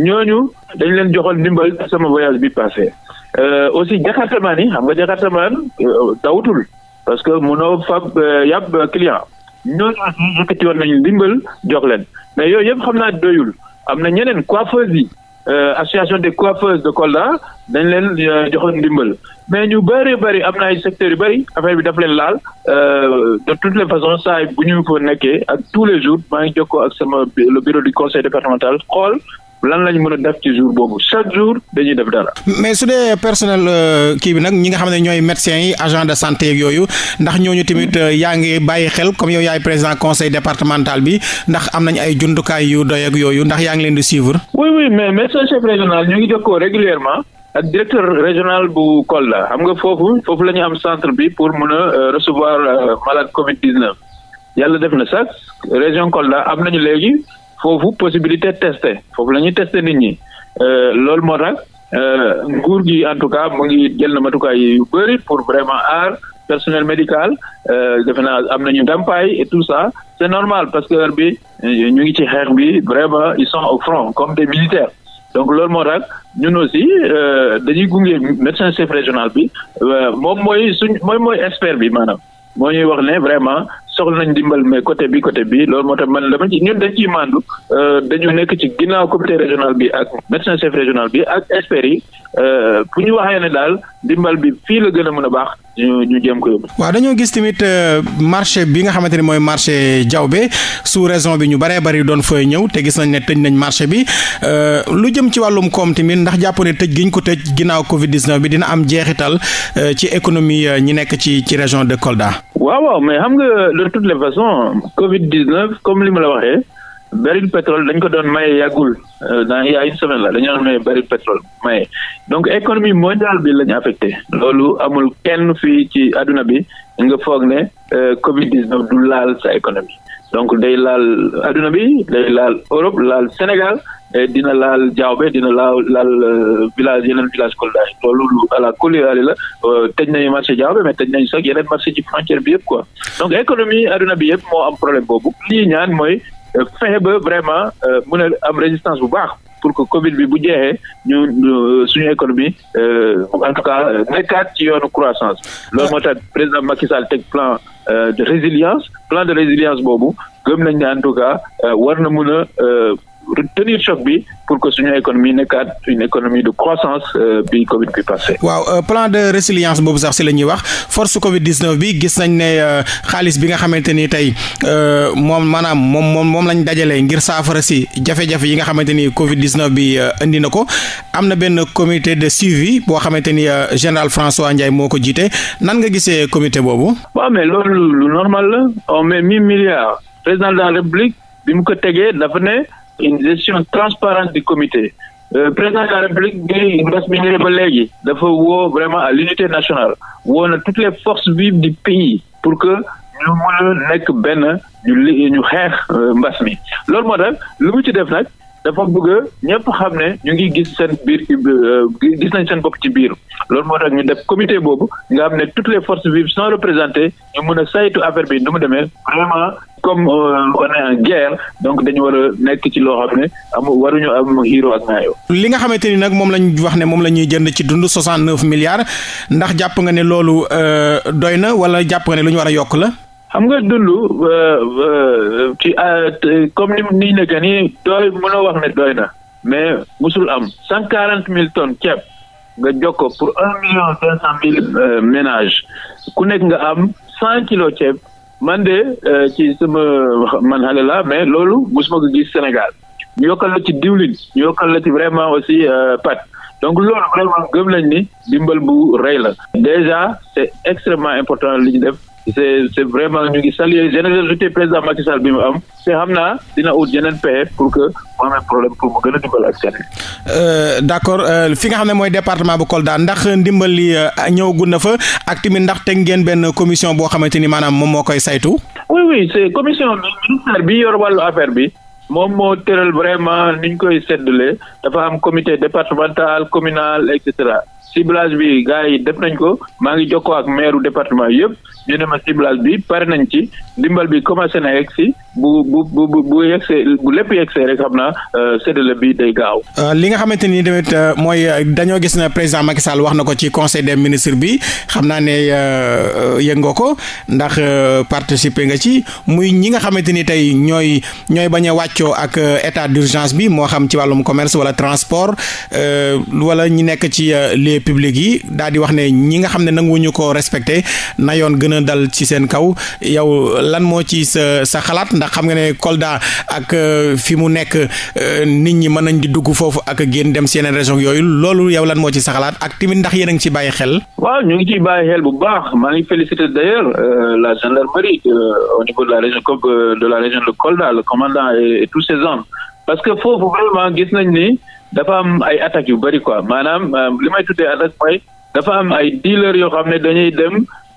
ñooñu dañ leen joxoon ndimbal sama voyage bi passé euh, aussi jakartamaan yi xam nga jakartamaan euh, dawutul parce que mënoo fab euh, yàpp client ñooñu aussi yëkkati woon nañu ndimbal jox leen mais yooyu yëpp xam naa doyul am na ñeneen coiffeuse yi Euh, association des coiffeuses de Kolda dañ leen euh, joxoon ndimbal mais ñu bëri bëri am na ay secteurs yu bëri affaire bi daf leen laal euh, de toutes les façons saa bu ñu fa nekkee ak tous les jours maa ngi jokkoo ak sama le bureau du conseil départemental xool lan lañ mën a def ci jour boobu chaque jour dañuy def dara. mais su dee personnel euh, kii bi nag ñi nga xam ne ñooy médecins yi agent de santé yeeg yooyu ndax ñooñu tamit euh, yaa ngi bàyyi xel comme yow yaay président conseil départemental bi ndax am nañ ay jumtukaay yu doy ak yooyu ndax yaa ngi leen di suivre. oui mais médecin chef régional ñu ngi jokkoo régulièrement ak directeur régional bu Kolda xam nga foofu foofu la ñu am centre bi pour mun a euh, recevoir malade Covid 19 yàlla def na sax région Kolda am nañu léegi. foofu possibilité tester foofu la ñuy tester nit ñi euh, loolu moo tax euh, nguur gi en tout cas moo ngi jël na matukaay yu bëri pour vraiment aar personnel médical euh, defe naa am nañu ndàmpaay et tout ça c'est normal parce que heure bi ñu ngi ci xeex bi vraiment ils sont au front comme des militaires donc loolu moo tax ñun aussi dañuy gunge médecin chef régional bi moom mooy su mooy mooy expert bi maanaam moo ñuy wax ne vraiment soxla nañ dimbal mais côté bi côté bi loolu moo tax man dama ci ñun dañ ciy mandu euh, dañu nekk ci ginnaaw comité régional bi ak médecin chef régional bi ak experts yi euh, bu ñu waxee ne daal dimbal bi fii la gën a mën a baax ñu ñu jéem ko yóbbu. waaw dañoo gis tamit euh, marché bi nga xamante ni mooy marché Diaobé sous raison bi ñu baree bari doon fooy ñëw te gis nañ ne tëj nañ marché bi euh, lu jëm ci wàllum koom tamit ndax jàpp ne tëj giñ ñu ko tëj ginnaaw Covid 19 bi dina am jeexital euh, ci économie ñi nekk ci ci région de Kolda. waaw waaw mais xam nga de toutes les façons Covid 19 comme li ma la waxee. baril pétrole dañ ko doon maye yàggul euh, dans il y une semaine la dañu doon maye baril pétrole maye donc économie mondiale bi lañu affecté loolu amul kenn fii ci àdduna bi nga foog ne euh, Covid 19 du laal sa économie donc day laal adduna bi day laal Europe laal Sénégal dina laal Diaobé dina laal laal euh, village yeneen village Kolda yi loolu lu à la la tëj nañu marché Diaobé mais tëj nañu sax yeneen marché ci frontière bi yëpp quoi donc économie bi yëpp moo am problème boobu mooy fexe ba vraiment euh, mën a am résistance bu baax pour que Covid bi bu jeexee ñu euh, suñu économie euh, en tout cas nekkaat ci yoonu croissance loolu moo tax président Macky Sall teg plan de résilience plan de résilience boobu gëm nañ ne en tout cas war na mën a tenir choc bi pour que suñu économie nekkaat une économie de croissance euh, bi Covid bi passé. waaw euh, plan de résilience boobu sax si la ñuy wax force Covid 19 bi gis nañ ne euh, xaalis bi nga xamante ni tey moom maanaam moom moom moom lañ dajalee ngir saafara si jafe-jafe yi nga xamante ni Covid bi indi na ko am na benn comité de suivi boo xamante ni général François Ndiaye moo ko jiite nan nga gisee comité boobu. waaw mais loolu lu normal la on met mille milliards président une gestion transparente du comité euh, président de la république bi mbas mi ñëwee ba léegi dafa woo vraiment à l'unité nationale woo toutes les forces vives du pays pour que ñu mën a nekk benn ñu li ñu xeex euh, mbas mi loolu moo tax lu mu ci def nag dafa bëgg ñëpp xam ne ñu ngi gis seen biir euh, gis nañ seen bopp ci biir loolu moo tax ñu def comité boobu nga am ne toutes les forces vives son représentées ñu mën a saytu affaire bi nu demee comme euh, on est donc dañu war a nekk ci loo xam ne am waruñu am xiiroo ak ngaayoo. li nga xamante ni nag moom lañ wax ne moom la ñuy jënd ci dund 69 milliards ndax jàpp nga ne loolu euh, doy na wala jàpp nga ne lu ñu war a yokk la. xam nga dund euh, euh, ci euh, comme ni ñu nekk ni doy mënoo wax ne doy na mais musul am cent quarante mille tonnes ceeb nga jokko pour un million cinq ku nekk nga am cent kilos ceeb man de ci sama man xale la mais loolu musuma ko gis Sénégal ñu yokkal la ci diwlin ñu yokkal la ci vraiment aussi pat donc loolu vraiment gëm nañ ni dimbal bu rey la déjà c'est extrêmement important li ñu def c'est c'est vraiment ñu ngi saluer générosité président Macky sal bi mu am te xam naa dina ut yeneen pexe pour que mu amee problème pour mu gën a dimbal ak seen euh, d'accord euh, fi nga xam ne mooy département bu Kolda ndax ndimbal li euh, ñëwagul na fa ak tamit ndax teg ngeen benn commission boo xamante ni maanaam moom moo koy saytu. oui oui c'est commission bi ministère bi yor wàllu affaire bi. moom moo tëral vraiment ni ñu koy séddale dafa am comité départemental communal et cetera ciblage bi gars yi def nañ ko maa ngi jokkoo ak maire département yëpp ñu ne ma ciblage bi pare nañ ci ndimbal bi commencé na yegg si bu bu bu bu yegsee bu lépp yegsee rek xam na euh, séddale bi day gaaw. Euh, li nga xamante ni tamit euh, mooy dañoo gis na président Macky Sall wax na ko ci conseil des ministres bi xam naa ne yëngoo ko ndax participer nga ci muy ñi nga xamante ni tey ñooy ñooy bañ a wàccoo ak état d'urgence bi moo xam ci wàllum commerce wala transport wala ñi nekk ci lieux publics yi daal di wax ne ñi nga xam ne nanguwuñu ko respecté na yoon a dal ci seen kaw yow lan moo ci sa xalaat ndax xam nga ne Kolda ak euh, fi mu nekk euh, nit ñi mën nañ di dugg foofu ak génn dem si région yooyu loolu yow lan moo ci sa xalaat ak tamit ndax yéen a ngi ci bàyyi xel. waaw ñu ngi ciy bàyyi xel bu baax maa ngi féliciter d'ailleurs euh, la gendarmerie au niveau de la région de la région de Kolda le commandant et tous ses hommes parce que foofu vraiment gis nañ ni dafa am ay attaques yu bari quoi maanaam li may tuddee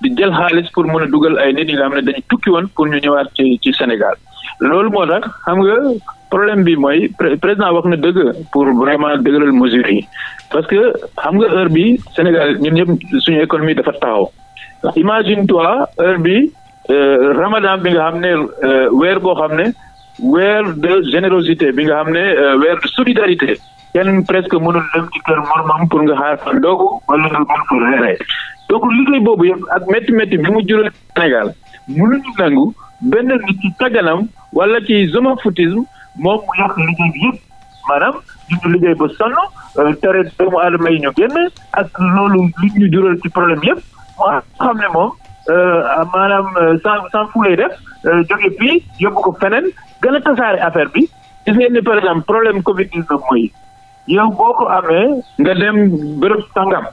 di jël xaalis pour mën a dugal ay nit yi nga xam ne dañu tukki woon pour ñu ñëwaat ci ci Sénégal loolu moo tax xam nga problème bi mooy président wax na dëgg pour vraiment dëgëral mesures yi parce que xam nga heure bi Sénégal ñun ñëpp suñu économie dafa taxaw imagine toi heure bi euh, Ramadan bi nga xam ne euh, weer boo xam ne weer de générosité bi nga xam ne euh, weer de solidarité kenn presque mënul dem ci kër mormam pour nga xaar fa ndogu wala nga mën donc liggéey boobu yëpp ak métti métti bi mu jural Sénégal mënuñu nangu benn nit ci taganam wala ci zomafoutisme moom mu yàq liggéey bi yëpp maanaam duñu liggéey ba sonn euh, tere doomu aadama yi ñu génn ak loolu li ñu jural ci problème yëpp moo xam ne moom euh, maanaam euh, sans sans fu lay def jóge fii yóbbu ko feneen gën a tasaare affaire bi gis ngeen ni par exemple problème Covid 19 mooy yow boo ko amee nga dem bërëb sangam.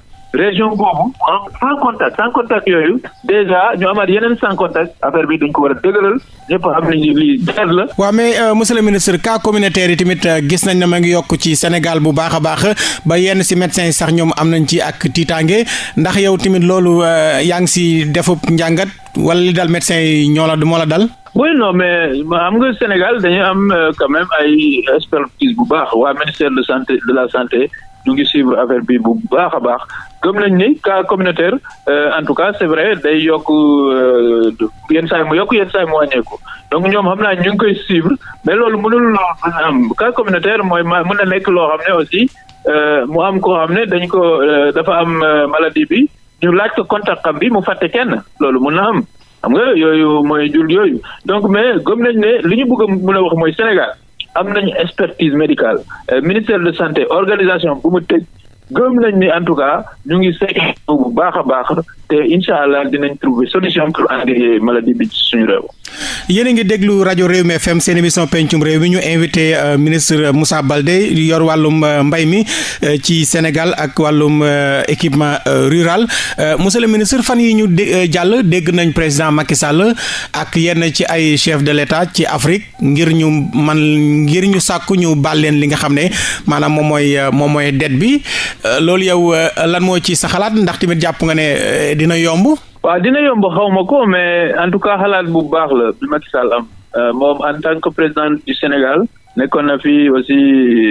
région boobu en sans contact sans contact yooyu déjà ñu amaat yeneen sans contact affaire bi dañ ko war a dëgëral ñëpp xam nañ ni lii dëgër la. waaw mais euh, monsieur ministre cas communautaire yi tamit euh, gis nañ ne ma ngi yokk ci Sénégal bu baax a baax ba yenn si médecins yi sax ñoom am nañ ci ak tiitaange ndax yow tamit loolu euh, yaa ngi si defub njàngat wala li dal médecins yi ñoo la moo la dal. oui non mais xam nga Sénégal dañu am quand ay expertise bu baax waa ministère de santé de la santé. ñu ngi suivre affaire bi bu baax a baax gëm nañ ni ka communautaire euh, en tout cas c'est vrai day yokk euh, yenn saa yi mu yokk yenn saa mu wàññeeku donc ñoom xam naa ñu ngi koy suivre mais loolu mënul am cas communautaire mooy ma mën a nekk loo xam ne aussi euh, mu am koo xam ne dañ ko dafa am maladie bi ñu laaj ko contact xam bi mu fàtte kenn loolu mën na am xam nga yooyu mooy jul yooyu donc mais gëm nañ ne li ñu bëgg a mën a wax mooy Sénégal am nañu expertise médicale euh, ministère de santé organisation bu mu tëj gëm nañ ni en tout cas ñu ngi seetlu bu baax a baax te incha allah dinañ trouver solution pour endiguer maladie bi ci suñu réew. yéen a ngi déglu rajo réew mi FM seen émission pencum réew mi ñu invité euh, ministre euh, Moussa Baldé yor wàllum euh, mbay mi ci Sénégal ak wàllum équipement rural monsieur le ministre fan yi ñu dé jàll dégg nañ président Macky Sall ak yenn ci ay chef de l'État ci Afrique ngir ñu man ngir ñu sàkku ñu bal leen li nga xam ne maanaam moom mooy moom mooy dette bi loolu yow lan moo ci sa xalaat ndax tamit jàpp nga ne dina yomb waaw dina yomb xaw ma ko mais en tout cas xalaat bu baax la bi Macky Sall am euh, moom en tant que président du Sénégal nekkoon na fi aussi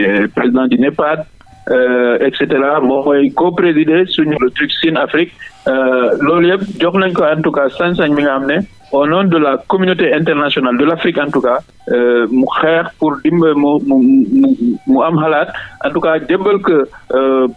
euh, président du NEPAD Euh, et cetera boo koy co-présider suñu le truc Sine Afrique euh, loolu yëpp jox nañ ko en tout cas sañ-sañ bi nga xam ne au nom de la communauté internationale de l'Afrique en tout cas euh, mu xeex pour dimba mu mu mu am xalaat en tout cas jëmbal que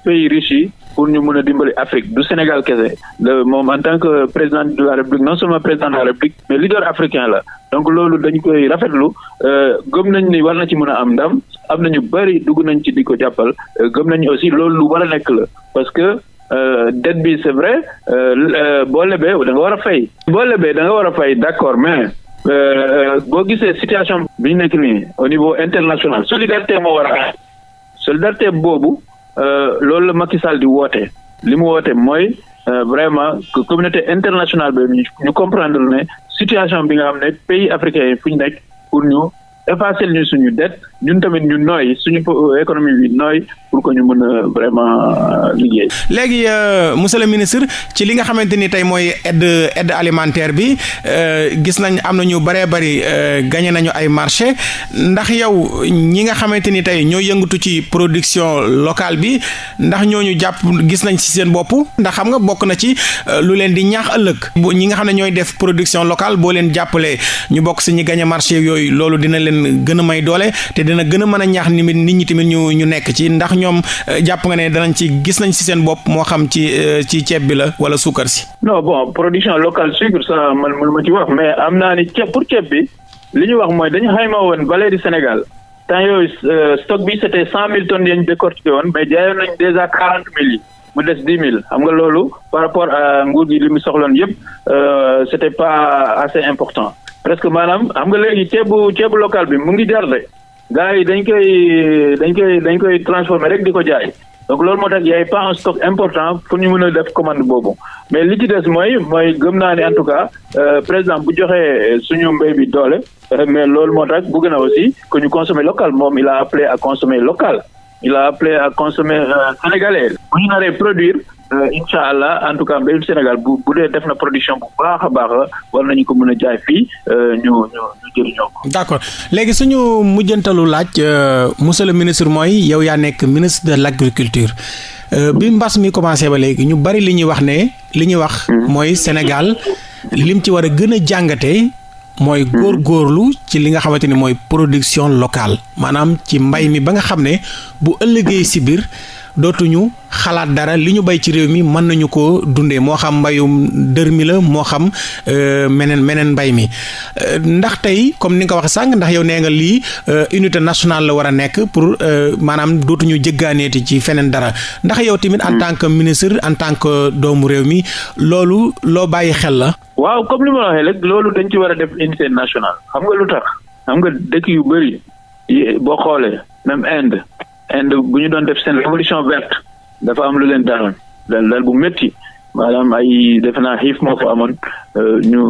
pays riche pour ñu mën a dimbali Afrique du Sénégal kese moom en tant que président de la République non seulement président de la République mais leader africain la donc loolu dañu koy rafetlu euh, gëm nañ ni war na ci mën a am ndam am na ñu bëri dugg nañ ci di ko jàppal euh, gëm nañ aussi loolu lu war a nekk la parce que euh, dette bi c'est vrai boo lebee da nga war a fay. boo lebee da nga war a fay d'accord mais. boo gisee situation bi ñu nekk nii au niveau international solidarité moo war a solidarité boobu loolu la makki sal di woote li mu woote mooy Euh, vraiment que communauté internationale bi ñu comprendre ne situation bi nga xam ne pays africain yi fu ñu nekk pour ñu effacer ñu suñu dette ñun tamit ñu nooy suñu euh, économie bi nooy pour que ñu mën a vraiment euh, liggéey. léegi euh, monsieur le ministre ci li nga xamante ni tey mooy aide aide alimentaire bi gis nañ am na ñu bëree bëri gañe nañu ay marché ndax yow ñi nga xamante ni tey ñoo yëngatu ci production locale bi ndax ñooñu jàpp gis nañ ci seen bopp ndax xam nga bokk na ci lu leen di ñaax ëllëg ñi nga xam ne ñooy def production locale boo leen jàppalee ñu bokk si ñi gagné yooyu loolu dina leen gën may doole te dina gën a mën a ñaax nit nit ñi tamit ñu ñu nekk ci ndax ñoom eh, jàpp nga ne danañ ci gis nañ si seen bopp moo xam ci eh, ci ceeb bi la wala suukar si. non bon production locale sucre sa man man ma ci wax mais am naa ni ceeb pour ceeb bi li ñu wax mooy dañu xayma woon vallée du Sénégal. temps yooyu euh, stock bi c'était cent mille tonnes yañ décortiqué woon mais jaayoon nañ déjà quarante mille yi mu des dix mille xam nga loolu par rapport à nguur gi li mu soxloon yëpp euh, c'était pas assez important parce que maanaam xam nga léegi ceebu ceebu local bi mu ngi jar de gars yi dañ koy dañ koy dañ koy transformer rek di ko jaay donc loolu moo tax yaay pas un stock important pour ñu mën a def commande boobu mais li ci des mooy mooy gëm naa ne en tout cas euh, président bu joxee suñu mbéy bi doole euh, mais loolu moo tax bëgg na aussi que ñu consommer local moom il a appelé à consommer local il a appelé à consommer euh, sénégalais bu ñu naree produire Euh, incha allah en tout cas mbéyum Sénégal bu bu dee def na production bu baax a baax war nañu ko mën a jaay fii euh, ñu ñu ñu jëriñoo ko. d' accord léegi suñu mujjantalu laaj euh, monsieur le ministre mooy yow yaa nekk ministre de l' agriculture bi mbas mi commencé ba léegi ñu bari li ñuy wax ne li ñuy wax. Hmm. mooy Sénégal lim ci war a gën a jàngatee. mooy hmm. góorgóorlu ci li nga xamante ni mooy production locale maanaam ci mbay mi ba nga xam ne bu ëllëgee si biir. dootuñu xalaat dara li ñu bay ci réew mi mën nañu ko dundee moo xam mbayum dër mi la moo xam euh, meneen meneen mbay mi euh, ndax tey comme ni nga ko wax sànq ndax yow nee nga lii euh, unité nationale la war a nekk pour maanaam dootuñu jëggaaneeti ci feneen dara ndax yow tamit en hmm. tant que ministre en tant que doomu réew mi loolu loo bàyyi xel la waaw comme li ma la waxee rek loolu dañ ci war a def unité nationale xam nga lu tax xam nga dëkk yu bëri boo xoolee même Inde Inde bu ñu doon def seen révolution vert dafa am lu leen daaloon dal dal bu métti maanaam ay defe naa xiif moo fa amoon euh, ñu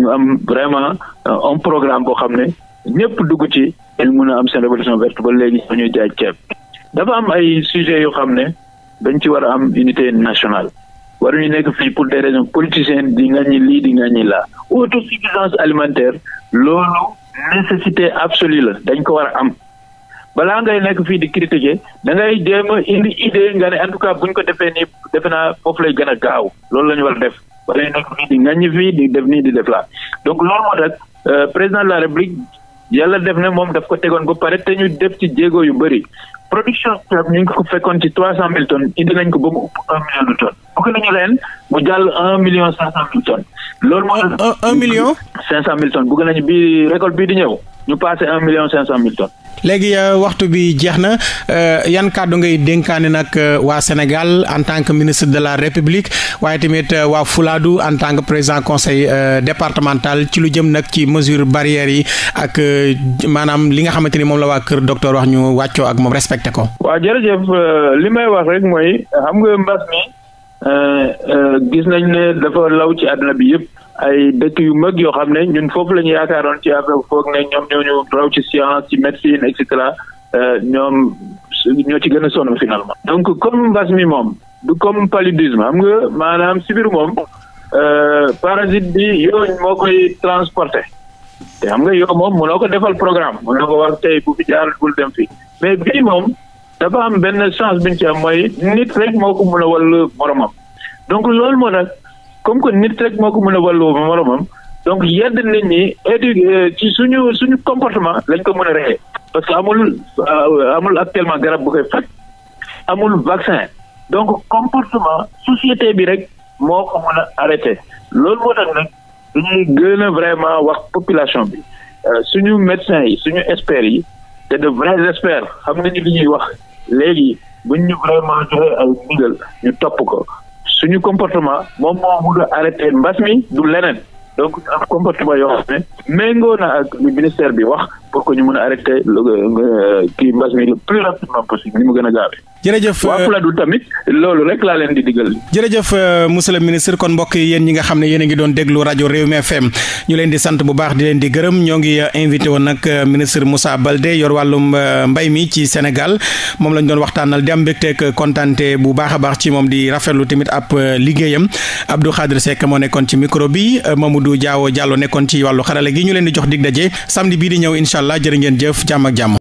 ñu am vraiment euh, un programme boo xam ne ñëpp dugg ci dañ mun am seen révolution verte ba léegi ñuy jaay ceeb dafa am ay sujets yoo xam ne dañ ci war a am unité nationale waruñu nekk fii pour des raisons politiciennes di nga ñi lii di nga ñi laa autosuffisance alimentaire loolu nécessité absolue la dañ ko war a am balaa ngay nekk fii di critiquer da ngay jéem a indi idée nga ne en tout cas buñ ko defee nii defe naa foofu lay gën a gaaw loolu la ñu war a def wala nekk fii di ŋaññi def nii di def laa donc loolu moo tax euh, président de la république yàlla def na moom daf ko tegoon ba pare te ñu def ci jéego yu bëri production ceeb ñu ngi ko fekkoon ci trois cent mille tonnes indi nañ ko ba mu ëpp un million de tonnes fukki nañu leen mu jàll un million cinq cent loolu mooy un million. cinq cent mille tonnes bëgg nañu bii récolte bii di ñëw ñu passé léegi euh, waxtu bi jeex na euh, yan kàddu ngay dénkaane nag euh, waa Sénégal en tant que ministre de la République waaye tamit waa fulaadu en tant que président conseil départemental ci lu jëm nag ci mesure barrières yi ak maanaam li nga xamante ni moom la waa kër docteur wax ñu wàccoo ak moom respecté ko. waaw jërëjëf li may wax rek mooy xam nga mbas mi gis nañ ne dafa law ci àdduna bi yëpp. ay dëkk yu mag yoo xam ne ñun foofu la ñu yaakaaroon ci affaire foog ne ñoom ñoo ñu raw ci science ci médecine et euh, ñoom ñoo ci gën a sonn finalement. donc comme mbas mi moom du comme paludisme am nga maanaam biiru moom euh, parasite bi yooyu moo koy transporté te am nga yow moom mënoo ko defal programme mënoo ko wax tey bu fi jaar bul dem fi mais bii moom dafa am benn chance bi ñu ci am mooy nit rek moo ko mën a wàll moromam donc loolu moo nag comme que nit rek moo ko mën a wàllu moromam donc yedd nit ñi éduqué euh, ci suñu suñu comportement lañ ko mën a reyee parce que amul euh, amul actuellement garab bu koy faj amul vaccin donc comportement société bi rek moo ko mën a arrêté loolu moo tax nag dañuy gën a vraiment wax population bi euh, suñu médecins yi suñu experts yi te de vrais experts xam nañu li ñuy wax léegi buñ ñu vraiment joxe ay ndigal ñu topp ko suñu comportement moom moo mun a arrêté mbas mi du leneen donc am comportement yoo xam ne méngoo ak ministère bi wax pour que ñu mën a arrêter euh, kii mbas mi le plus euh, loolu rek laa leen di digal. jërëjëf euh, monsieur le ministre kon mbokk yi yéen ñi nga xam ne yéen a ngi doon déglu rajo Rewmi FM ñu leen di sant bu baax di leen di gërëm ñoo ngi invité woon nag ministre Moussa Baldé yor wàllum mbay mi ci Sénégal moom lañ doon waxtaanal di am mbégteeg kontaante bu baax a baax ci moom di rafetlu tamit ab liggéeyam Abdou Khadre Seck moo nekkoon ci micro bi du Diawo jàll nekkoon ci wàllu xarale gi ñu leen di jox di allah jërë ngeen jëf jàmm ak